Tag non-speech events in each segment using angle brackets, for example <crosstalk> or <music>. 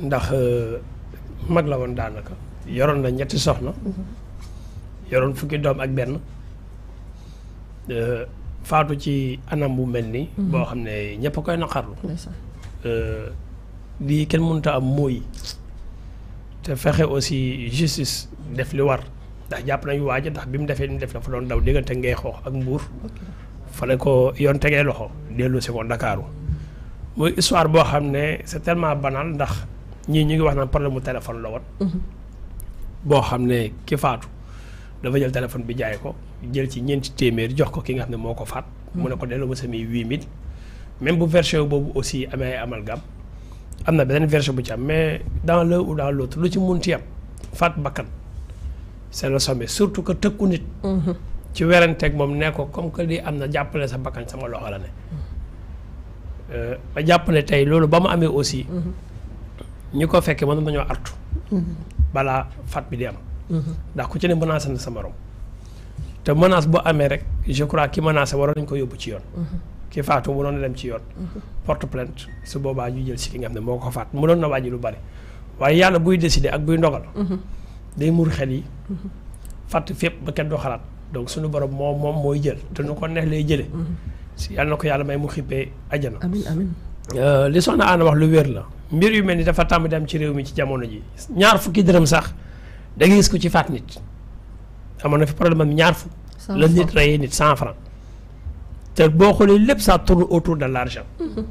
ndax euh, mag la woon daanaka yoroon na ñetti soxna yoroon fukki doom ak benn euh, faatu ci anam bu mel ni mhm. boo xam ne ñëpp a koy naqarlu euh, lii kenn mënta am mooy te fexe aussi justice def li war ndax jàpp nañu waaja ndax bi mu defee ni def dafa doon daw diggante ngay xoox ak mbuur fa la ko yoon tegee loxo dellu si ko Ndakaaru muy histoire boo xam ne c'est tellement banal ndax ñii ñu ngi wax naan problème mu téléphone la mhm. boo xam ne ki faatu dafa jël téléphone bi jaay ko jël ci ñeenti téeméer jox ko ki nga xam ne moo ko faat. mu ne ko delloo ma samay huit même bu version boobu aussi amee ay na beneen version bu ci am mais dans l'un ou dans lu ci munti am faat bakkan c'est le sommet surtout que tëkku nit. Mhm. ci weranteeg moom nee ko comme que di am na jàppale sa bakkan sama loxo la ne. Mhm. Euh, ma jàpp ne tey loolu ba mu amee aussi. ñi ko fekkee mën nañoo artu. Mhm. balaa fat bi di am. Mhm. ndax ku ci ne menacé na sa morom. te menace boo amee rek je crois ki menacé waroon nañu ko yóbbu ci yoon. Mhm. ki faatu mënoon na dem ci yoon. porte plainte su boobaa ñu jël si ki nga xam ne moo ko faat mënoon na wàññi lu bari. waaye yàlla buy décider ak buy ndogal. day muur xel yi. fàtt fépp ba kenn doo xalaat donc suñu borom moom moom mooy jël te nu ko neex lay jëlee. si yàlla na ko yàlla may mu xippee ajana. amiin euh, li soxna Anna wax lu wér la. mbir yu mel ni dafa tàmm dem ci réew mi ci jamono ji ñaar fukki dërëm sax da gis ko ci faat nit amoon na fi problème am ñaar fukk. nit rayee nit boo xoolee lépp ça tourne autour de l'argent mm-hmm.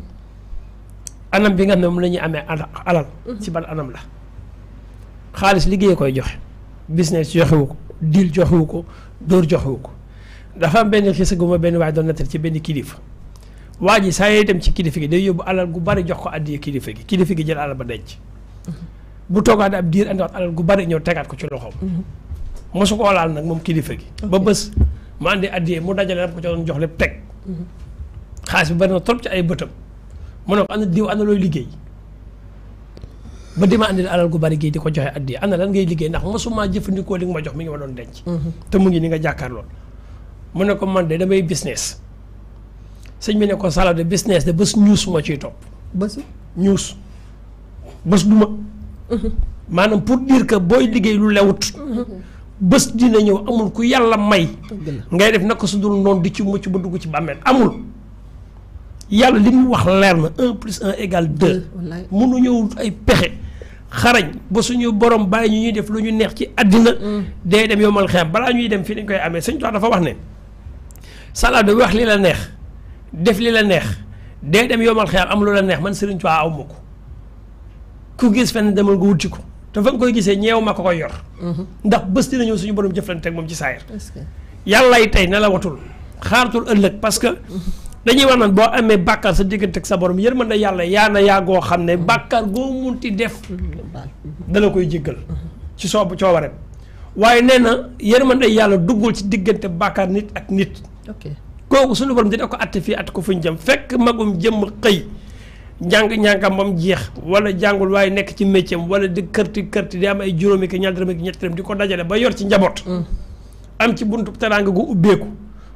anam ne moom ñuy amee alal. Mm-hmm. ci ban anam la. xaalis liggéey koy joxe. business joxewu ko deal joxewu ko dóor joxewu ko dafa am benn xisa gu ma benn waaye doon nettal ci benn kilifa. waji ji dem ci kilifa gi day yóbbu alal gu bari jox ko addi kilifa gi kilifa gi jël alal ba denc mhm. bu togaade ab diir wat alal gu bari ñew tegaat ko ci loxoom mhm. mosu ko laal nak mom kilifa gi ba bes ma andi addi mu dajale ko ci doon jox lepp tek mhm. xaalis bi bari na trop ci ay beutam mu ne ko ana diw ana loy liggey ba dima andi alal gu bari gi di joxe addi ana lan ngay liggéey ndax mosuma jëfëndiko li nga ma jox mi ngi ma doon denc te mu ngi ni nga lool mu ne ko man de damay business sëñ bi ne ko salade de business de bus news moo ci top bus news bus duma manam mhm. pour dire que boy liggéey lu lewut. Mhm. bus dina ñew amul ku yalla may. ngay def naka su dul non di ci mucc bu dug ci bàmmeel amul. yalla li wax leer na un plus un égale deux. mënu ñëw ay pexé xarañ ba suñu borom bàyyi ñu ñuy def lu ñu neex ci adina mhm. day dem yomal xeem bala ñuy dem fi dañ koy amé sëñ Tuubaa dafa wax né salade bi wax li la neex. def li la neex dee dem yomal xeer am lu la neex man Serigne Touba aw ma ko ku gis fenn demal nga wuti ko te nga koy gisee ñeew ma ko koy yor. Mhm. ndax bés dina ñëw suñu borom jëflante moom ci saayir. yàllaay tey ne la watul ëllëg parce que. Mhm. dañuy wax naan boo amee bàkkaar sa diggante ak sa borom yërmande yàlla yaa na yaa goo xam ne bàkkaar goo munti def. Mhm. dala koy jéggal. ci soobu coobareem waaye nee na yërmande yàlla duggul ci diggante bàkkaar nit ak nit. kooku suñu borom dina ko atte fii atte ko fuñ jëm fekk magum jëm xëy njàng-njàngam bam jeex wala jàngul waaye nekk ci métier am wala di kërti kërti di am ay juróomi ki ñaar dërëm ñetti dërëm di ko dajale ba yor ci njaboot mm. am ci buntu teraanga gu ubbeeku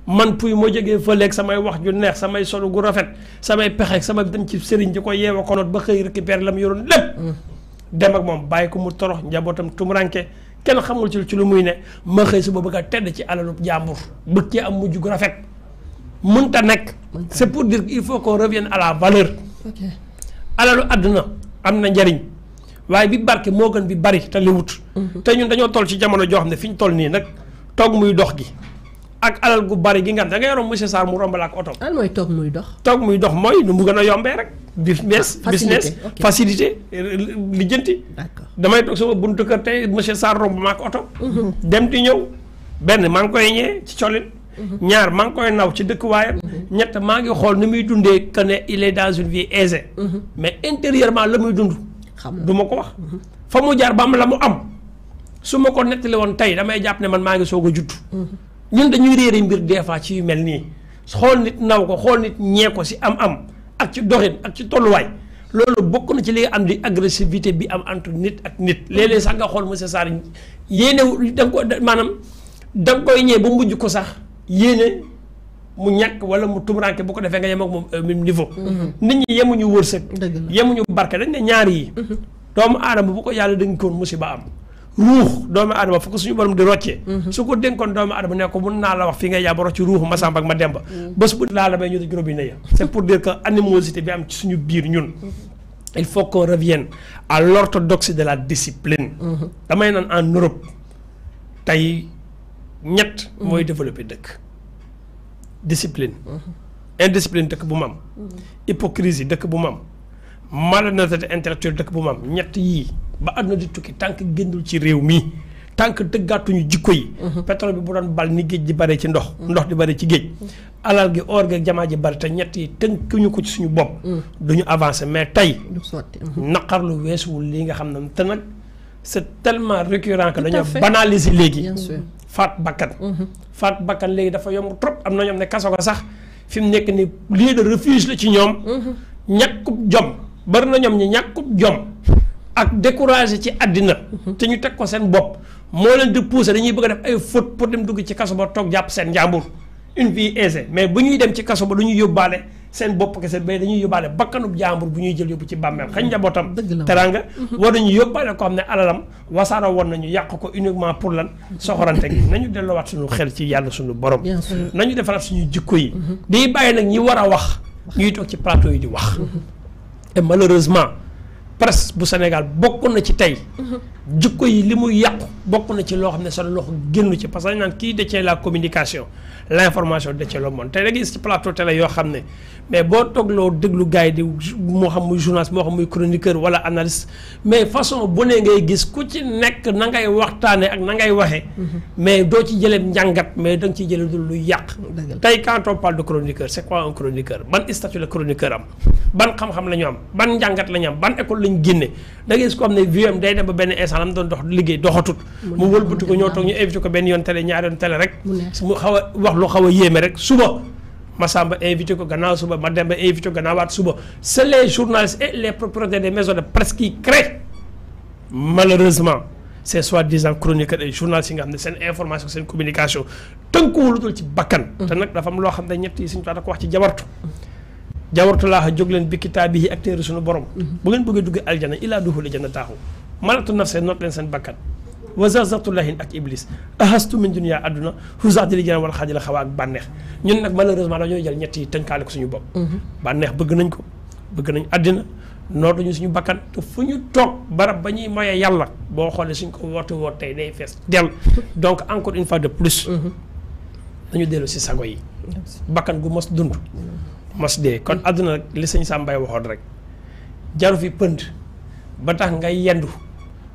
man puy moo jege jógee fëleeg samay wax ju neex samay solo gu rafet samay pexeeg sama dem ci sëriñ di ko yeewa konoot ba xëy récupérer la mu yoroon lépp mm. dem ak moom bàyyi ku mu torox njabootam tumuranke kenn xamul ci ci lu muy ne ma xëy suba bëgg a tedd ci alalu jàmbur bëgg cee am mujj gu rafet mënta nek c'est pour dire qu'il faut qu'on revienne à la valeur alalu àdduna am na njariñ waye bi barke mo gën bi bari té li wut mhm. té ñun dañoo toll ci jamono joo xam fiñ toll ni nak tok muy dox gi ak alal gu bari gi nga da ngay yoroon monsieur sar mu rombal ak oto. lan mooy toog muy dox. tok muy dox moy nu mu gëna yombé rek. business ah, business facilité li lijjanti. damay tok sama buntu kër tey monsieur sar romb ma ak oto. Mhm. dem di ñew ben maa koy ñé ci cholin ñaar maa ngi koy naw ci dëkkuwaayam. Mhm. ñett maa ngi xool ni muy dundee que ne il est dans vie aisée. Mhm. mais intérieurement la muy dund. du ma ko wax. Mhm. fa mu jaar ba am la mu am su ma ko nettali woon tey damay jàpp ne man maa ngi soog a judd. ñun dañuy réere mbir des fois ci yu mel nii xool nit naw ko xool nit ñee ko si am-am ak ci doxin ak ci tolluwaay. loolu bokk na ci li nga am di agressivité bi am entre nit ak nit léeg-léeg sax nga xool monsieur Sarr yéene da nga ko maanaam da nga koy ñëw ba mujj ko sax. yéene mu ñàkk wala mu tumuranke bu ko defee nga yem ak moom euh, même niveau mm-hmm. Mm-hmm. nit ñi yemuñu wërsëg yemuñu barke dañ ne ñaar yi mm-hmm. doomu aadama bu ko yàlla dénkoon musiba am ruux doomu aadama fu ko suñu borom di roccee su ko dénkoon doomu aadama ne ko mun naa la wax fi nga yàbba rocc ruuxu Masamba ak Mademba bés bu laa la may ñu di juróomi ne ya c'est pour dire que animosité bi am ci suñu biir ñun il faut qu'on revienne à l'orthodoxie de la discipline damay naan en Europe tey ñett mooy mm-hmm. développer dëkk discipline indiscipline dëkk bu mam am mm-hmm. hypocrisie dëkk bu mam mu na malhonnêteté intellectuelle dëkk bu mu ñett yii ba àdduna di tukki tànk génnul ci réew mi tànk dëggaatuñu jikko yi mm-hmm. pétrole bi bu doon bal ni géej di bare ci ndox ndox di bare ci géej alal gi or gi jamaa ji bari te ñett yi tënkuñu ko ci suñu bopp duñu avancer mais tey naqar lu weesuwul lii nga xam ne te nag c'est tellement récurrent que dañoo banaliser léegi faat bakkan. faat bakkan léegi dafa yomb trop am na ñoom ne kaso ko sax fi mu nekk ni lieu de refuge la ci ñoom. ñàkkub jom bari na ñoom ñi ñàkkub jom. ak décorage ci àddina. te ñu teg ko seen bopp. moo leen di poussé dañuy bëgg a def ay faute pour dem dugg ci kaso ba toog jàpp seen njàmbur une vie aisée mais bu ñuy dem ci kaso ba du ñu yóbbaale. seen bopp kese mais dañuy yóbbaale bakkanub jaambur bu ñuy jël yóbbu ci bàmmeel xañ njabootam teranga mhm. war nañu yóbbaale ko xam ne alalam wasaara woon nañu yàq ko uniquement pour lan soxorante gi nañu delloowaat suñu xel ci yàlla suñu borom nañu defaraat suñu jikko yi mhm. di bàyyi nag ñi war a wax ñuy toog ci plateau yi di wax mhm. et malheureusement presque bu Sénégal bokk na ci tey. Mhm. jikko yi li muy yàqu bokk na ci loo xam ne sa loxo génn ci parce que naan kii de détient la communication l' information détient le monde tey da gis ci plateau télé yoo xam ne mais boo toogloo déglu gars yi di moo xam muy journaliste moo xam muy chroniqueur wala analyste mais façon bu ne ngay gis ku ci nekk na ngay waxtaanee ak na ngay waxee. Mhm. mais doo ci jëlee njàngat mais danga nga ciy jëlee lu yàq. tey quand on parle de chroniqueur c' est quoi un chroniqueur am ban xam la ñu am ban njàngat la ñu am ban école lañ génne da ngay ko am ne viam day dem ba benn instant la doon dox liggéey doxatut mu wëlbatu ko ñoo toog ñu invité ko benn yoon télé ñaari yoon télé rek mu xaw a wax lu xaw a yéeme rek suba Massamba invité ko gannaaw suba ma dem Mademba invité ko gannaawaat suba c'est les journalistes et les propriétaires des maisons de presse yi créent malheureusement ces soi-disant chroniqueurs et journalistes yi nga xam ne seen information seen communication tënkuwul dul ci bakkan mm. te nag dafa am loo xam ne ñett yi suñu ko wax ci jabartu jawartulaaha jóg leen bi kitaabihi ak téere sunu borom bu ngeen bëggee dugg aljana ilaa duxuli jannataahu malatu nafse noot leen seen bakkan wa ak iblis ahastu min dunia aduna husatili jana wal khadil khawa ak banex ñun nak malheureusement dañu jël ñetti yi tënkaale ko suñu bop mhm. banex bëgg nañ ko bëgg nañ àddina noot ñu suñu bakkat te fu ñu barab ba ñuy moye bo boo suñ ko woote woot tey day fess dell donc encore une fois de plus dañu mhm. dellu si sago yi bakkan gu mos dund mhm. mos de kon àdduna rek li sëñ mbay waxoon rek jaru fi pënd ba tax nga yendu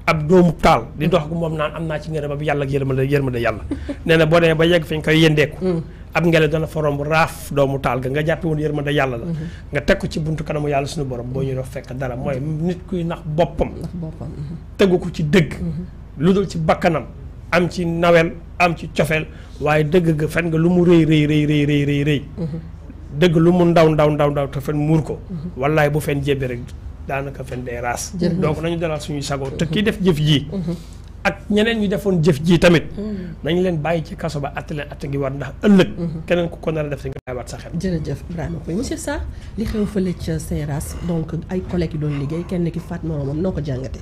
ab doomu taal di dox ko moom naan am naa ci ngërëm ab yàlla ak yërmande yërmande yàlla <laughs> nee na boo ba yegg fañ ko koy yendeeku mm. ab ngelaw dana forom raaf doomu taal ga nga jàppe woon yërmande yàlla la mm-hmm. nga teg ko ci buntu kanamu yàlla suñu borom boo ñu doon fekk dara mooy mm-hmm. nit kuy nax boppam mm-hmm. tegu ko ci dëgg lu dul ci bakkanam am ci nawel am ci cofeel waaye dëgg ga fen nga lu mu rëy rëy rëy rëy dëgg lu mu ndaw ndaw ndaw ndaw te fen muur ko wallaay bu fen jébbi rek daanaka fen day raas donc nañu dalal suñuy sagoo te kii def jëf ji mm-hmm. ak ñeneen ñu defoon jëf jii tamit mm-hmm. nañ leen bàyyi ci kaso ba atte leen atte ngi war ndax ëllëg mm-hmm. keneen ku ko nar def si nga bàyyiwaat sa xel jërëjëf Ibrahima Pouye monsieur Sarr li xew fële ca Seras donc ay collègues yi doon liggéey kenn ki faat moom noo ko jàngate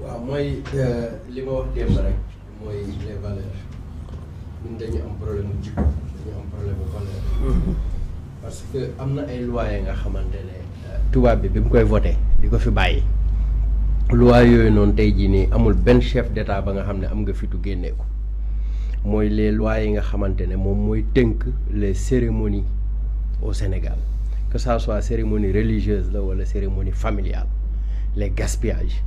waaw mooy euh, li ma wax démb rek mooy les valeurs ñun dañu am problème jikko dañu parce que am na ay loi yi nga xamante ne euh, tubaab bi bi mu koy voté di ko fi bàyyi loi yooyu noonu tey jii nii amul benn chef d'état ba nga xam ne am nga fitu génnee ko mooy les lois yi nga xamante ne moom mooy tënk les cérémonies au Sénégal que ça soit cérémonie religieuse la wala cérémonie familiale les gaspillages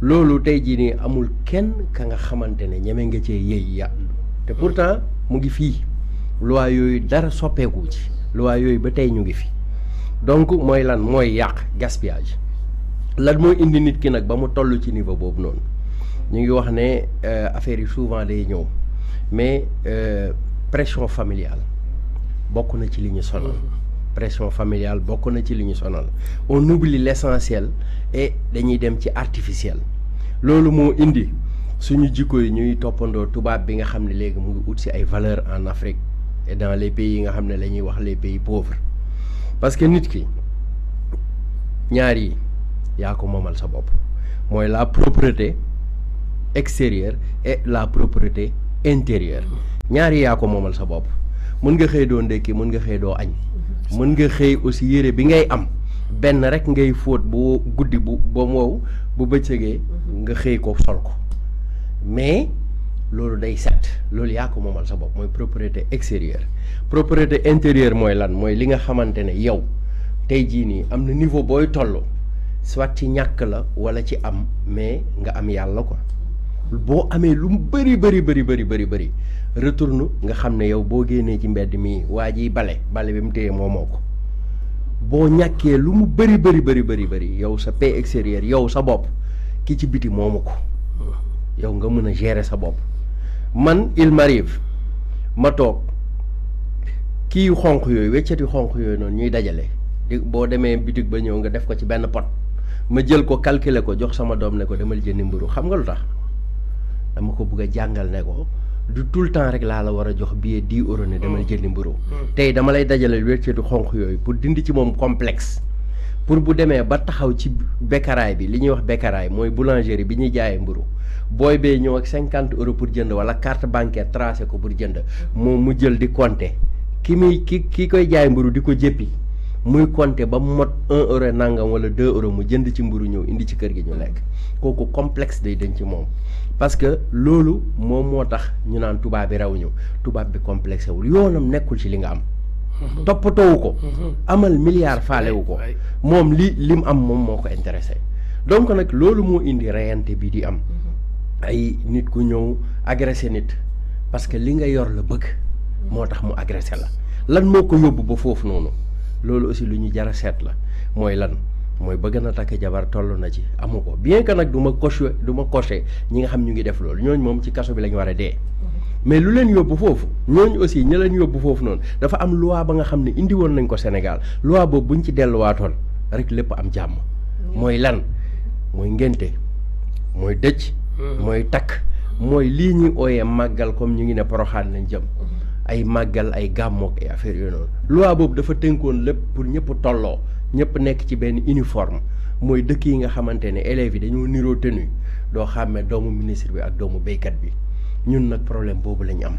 loolu tey jii nii amul kenn ka nga xamante ne ñeme nga cee yëy yàlla te pourtant mu ngi fii loi yooyu dara soppeeku ci. loi yooyu ba tey ñu ngi fi donc moy lan moy yàq gaspillage lan moy indi nit ki nak ba mu tollu ci niveau bobu non ñu ngi wax ne euh, affaire yi souvent day ñëw mais euh, pression familiale bokku na ci li ñu sonal pression familiale bokku na ci li ñu sonal on oublie l'essentiel et dañuy dem ci artificiel lolu mo indi suñu jikko yi ñuy topando tubaab bi nga xam légui mu ngi ut ci ay valeur en Afrique et dans les pays yi nga xam ne la ñuy wax les pays pauvres parce que nit ki ñaar yi yaa ko moomal sa bopp mooy la propreté extérieure la propreté intérieure ñaar yi yaa ko moomal sa bopp mën nga xëy doo ndekki mën nga xëy doo añ mën nga xëy aussi yére bi ngay am benn rek ngay fóot bu guddi bu ba mu bu bëccëgee nga xëy ko sol ko mais loolu day set loolu yaa ko moomal sa bopp mooy propriété extérieure propriété intérieure mooy lan mooy li nga xamante ne yow tey jii nii am na niveau booy toll soit ci ñàkk la walla ci am mais nga am yàlla quoi boo amee lu mu bëri bëri bëri bëri bëri bëri retourne nga xam ne yow boo génnee ci mbedd mi waa ji bale bale bi mu téye moomoo ko boo ñàkkee lu mu bëri bëri bëri bëri bëri yow sa paix extérieure yow sa bopp ki ci biti moomu ko yow nga mën a gérer sa bopp man il m'arrive ma toog kii yu xonq yooyu weccet yu xonq yooyu noonu ñuy dajale boo demee bitig ba ñëw nga def ko ci benn pot ma jël ko calculer ko jox sama doom ne ko demal jëndi mburu xam nga lu tax dama ko bëgg a jàngal ne ko du tout le temps rek laa la war a jox bi dix euros ne demal hmm. jëndi mburu hmm. tey dama lay dajale weccetu xonq yooyu pour dindi ci moom complexe pour bu demee ba taxaw ci bekkaraay bi li ñuy wax bekkaraay mooy boulangerie bi ñuy jaayee mburu booy bee ñëw ak cinquante euro pour jënd wala carte bancaire tracé ko pour jënd moom mu jël di compter ki muy ki ki koy jaay mburu di ko jéppi muy compter ba mot un euro nangam wala deux euro mu jënd ci mburu ñëw indi ci kër gi ñu lekk kooku complexe day dañ ci moom parce que loolu moom moo tax ñu naan tubaab bi raw ñu tubaab bi complexe wul yoonam nekkul ci li nga am toppatoowu ko mhm. amal milliard faalewu ko moom li lim am moom moo ko intéressé donc nag loolu moo indi reyante bi di am mhm. ay nit ku ñëw agressé nit parce que li nga yor la bëgg mhm. moo tax mu agressé la lan moo ko yóbbu ba foofu noonu loolu aussi lu ñu jara seet la mooy lan mooy bëgg na takk jabar toll na ci amu ko bien que nag du ma coché du ma ñi nga xam ñu ngi def loolu ñooñ moom ci kaso bi lañu war a dee mais lu leen yóbbu foofu ñooñu aussi ña leen yóbbu foofu noonu dafa am loi ba nga xam ne indi woon nañ ko Sénégal loi boobu buñ ci delluwaatoon rek lépp am jàmm. mooy lan mooy ngénte mooy dëcc hmm. mooy takk mooy lii ñuy ooyee màggal comme ñu ngi ne poroxaan lañ jëm. Hmm. ay màggal ay gàmmook ay affaire yooyu noonu. loi boobu dafa tënkoon lépp pour ñëpp tolloo ñëpp nekk ci benn uniforme mooy dëkk yi nga xamante ne élèves yi dañoo niroo tenue doo xàmme doomu ministre bi ak doomu béykat bi. ñun nag problème boobu la ñu am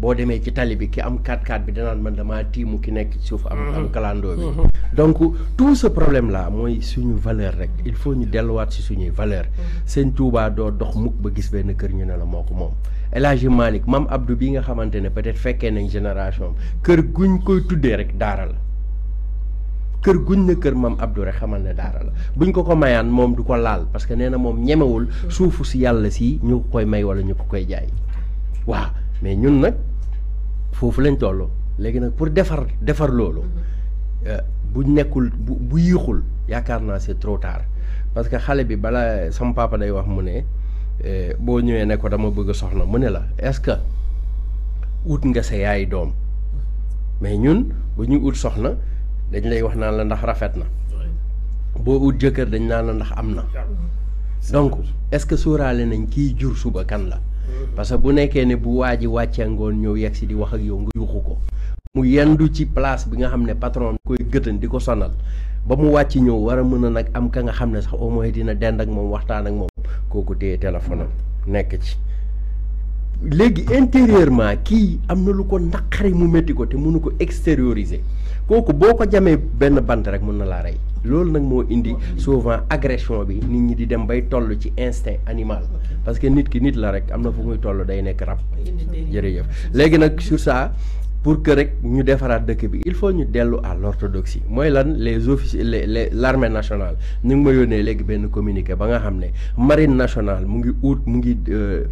boo demee ci tali bi ki am 4x4 bi danaan man damaa tiimu ki nekk ci suuf am am mhm. kalandoo bi mhm. donc tout ce problème là mooy suñu valeur rek il faut ñu delluwaat si suñuy valeur mhm. seen Tuubaa doo dox mukk ba gis benn kër ñu ne la moo ko moom El Hadji Malick Maam Abdou bi nga xamante ne peut-être fekkee nañ génération kër guñ koy tuddee rek daara la kër guñ na kër mam Abdou rek xamal ne daara la buñ ko ko mayaan moom du ko laal parce que nee na moom ñemewul mm. suufu si yàlla si ñu ko koy may wala ñu ko koy jaay waa mais ñun nag foofu lañ toll léegi nag pour defar defar loolu mm-hmm. euh, bu nekkul bu bu yiixul yaakaar naa c'est trop tard parce que xale bi balaa sama papa day wax mu ne euh, boo ñëwee ne ko dama bëgg soxna mu ne la est-ce que ut nga sa yaay doom mm-hmm. mais ñun bu ñu ut soxna. dañ lay wax naan la ndax rafet na boo ut jëkkër dañ naan la ndax am na donc est-ce que sóoraale nañ kiy jur suba kan la mm-hmm. parce que bu nekkee ne bu waa ji wàccee ngoon ñëw yegg si di wax ak yow nga yuuxu ko mu yendu ci place bi nga xam ne patron koy gëtën di ko sonal ba mu wàcc ñëw war a mën a nag am ka nga xam ne sax au moins dina dend ak moom waxtaan ak moom kooku téye téléphone nekk ci léegi intérieurement kii am na lu ko naqari mu métti ko te mënu ko extérioriser kooku boo ko jamee benn bant rek mun na laa rey loolu nag moo indi souvent agression bi nit ñi di dem bay tollu ci instinct animal parce que nit ki nit la rek am na fu muy tollu day nekk rab jërëjëf léegi nag sur ça pour que rek ñu faire dëkk bi il faut ñu déllu à l'orthodoxie moy les officiers l'armée nationale nous ma yone légui nous communiqué ba nga marine nationale mu ngi out mu euh,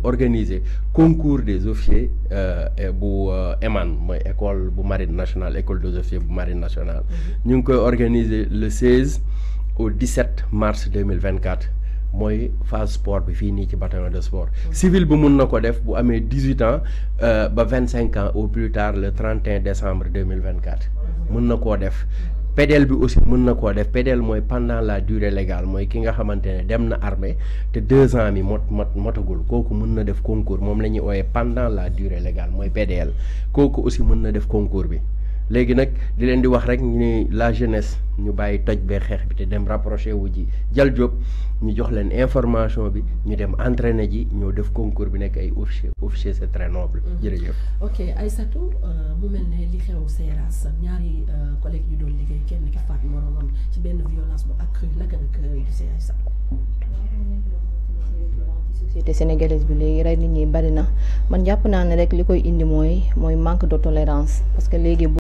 concours des officiers euh, bu euh, EMAN moy école bu marine nationale école des officiers bu marine nationale mm-hmm. ñu organiser le 16 au 17 mars 2024 moy phase sport bi finis ni ci bataillon de sport civil bu mën nako def ans euh, ba ans ou plus tard le 31 décembre 2024 mën nako def PDL bi aussi mën nako def PDL pendant la durée légale moy ki nga dem na armée te deux ans mi mot mot motagul mën na def concours la ñuy pendant la durée légale moy PDL aussi mën na concours léegi nag di leen di wax rek ni la jeunesse ñu bàyyi toj bee xeex bi te dem rapproché wu ji jal Diop ñu jox leen information bi ñu dem entraîné ji ñoo def concours bi nekk ay officier officier c'est très noble. Mm-hmm. jërëjëf. ok Aïssatou euh, mu mel ne li xew Seras ñaari euh, collègues yu doon liggéey kenn ki faat moromam ci benn violence bu ak naka nga gisee Aïssatou. léegi rey nit ñi bari na man jàpp naa ne rek li koy indi mooy mooy manque de tolérance parce que léegi.